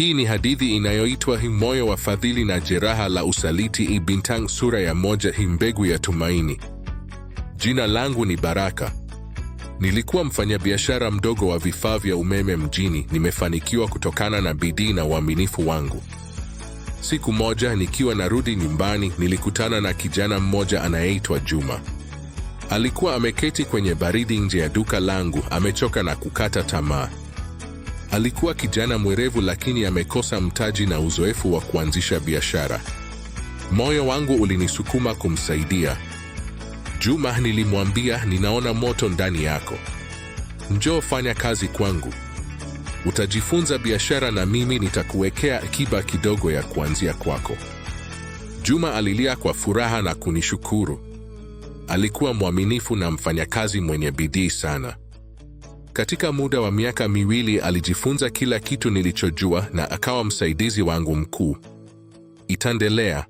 Hii ni hadithi inayoitwa Hi moyo wa fadhili na jeraha la usaliti, Ibintang sura ya moja, Hi mbegu ya tumaini. Jina langu ni Baraka. Nilikuwa mfanyabiashara mdogo wa vifaa vya umeme mjini. Nimefanikiwa kutokana na bidii na uaminifu wangu. Siku moja nikiwa narudi nyumbani, nilikutana na kijana mmoja anayeitwa Juma. Alikuwa ameketi kwenye baridi nje ya duka langu, amechoka na kukata tamaa. Alikuwa kijana mwerevu lakini amekosa mtaji na uzoefu wa kuanzisha biashara. Moyo wangu ulinisukuma kumsaidia. Juma, nilimwambia, ninaona moto ndani yako, njoo fanya kazi kwangu, utajifunza biashara na mimi nitakuwekea akiba kidogo ya kuanzia kwako. Juma alilia kwa furaha na kunishukuru. Alikuwa mwaminifu na mfanyakazi mwenye bidii sana. Katika muda wa miaka miwili alijifunza kila kitu nilichojua na akawa msaidizi wangu mkuu. Itaendelea.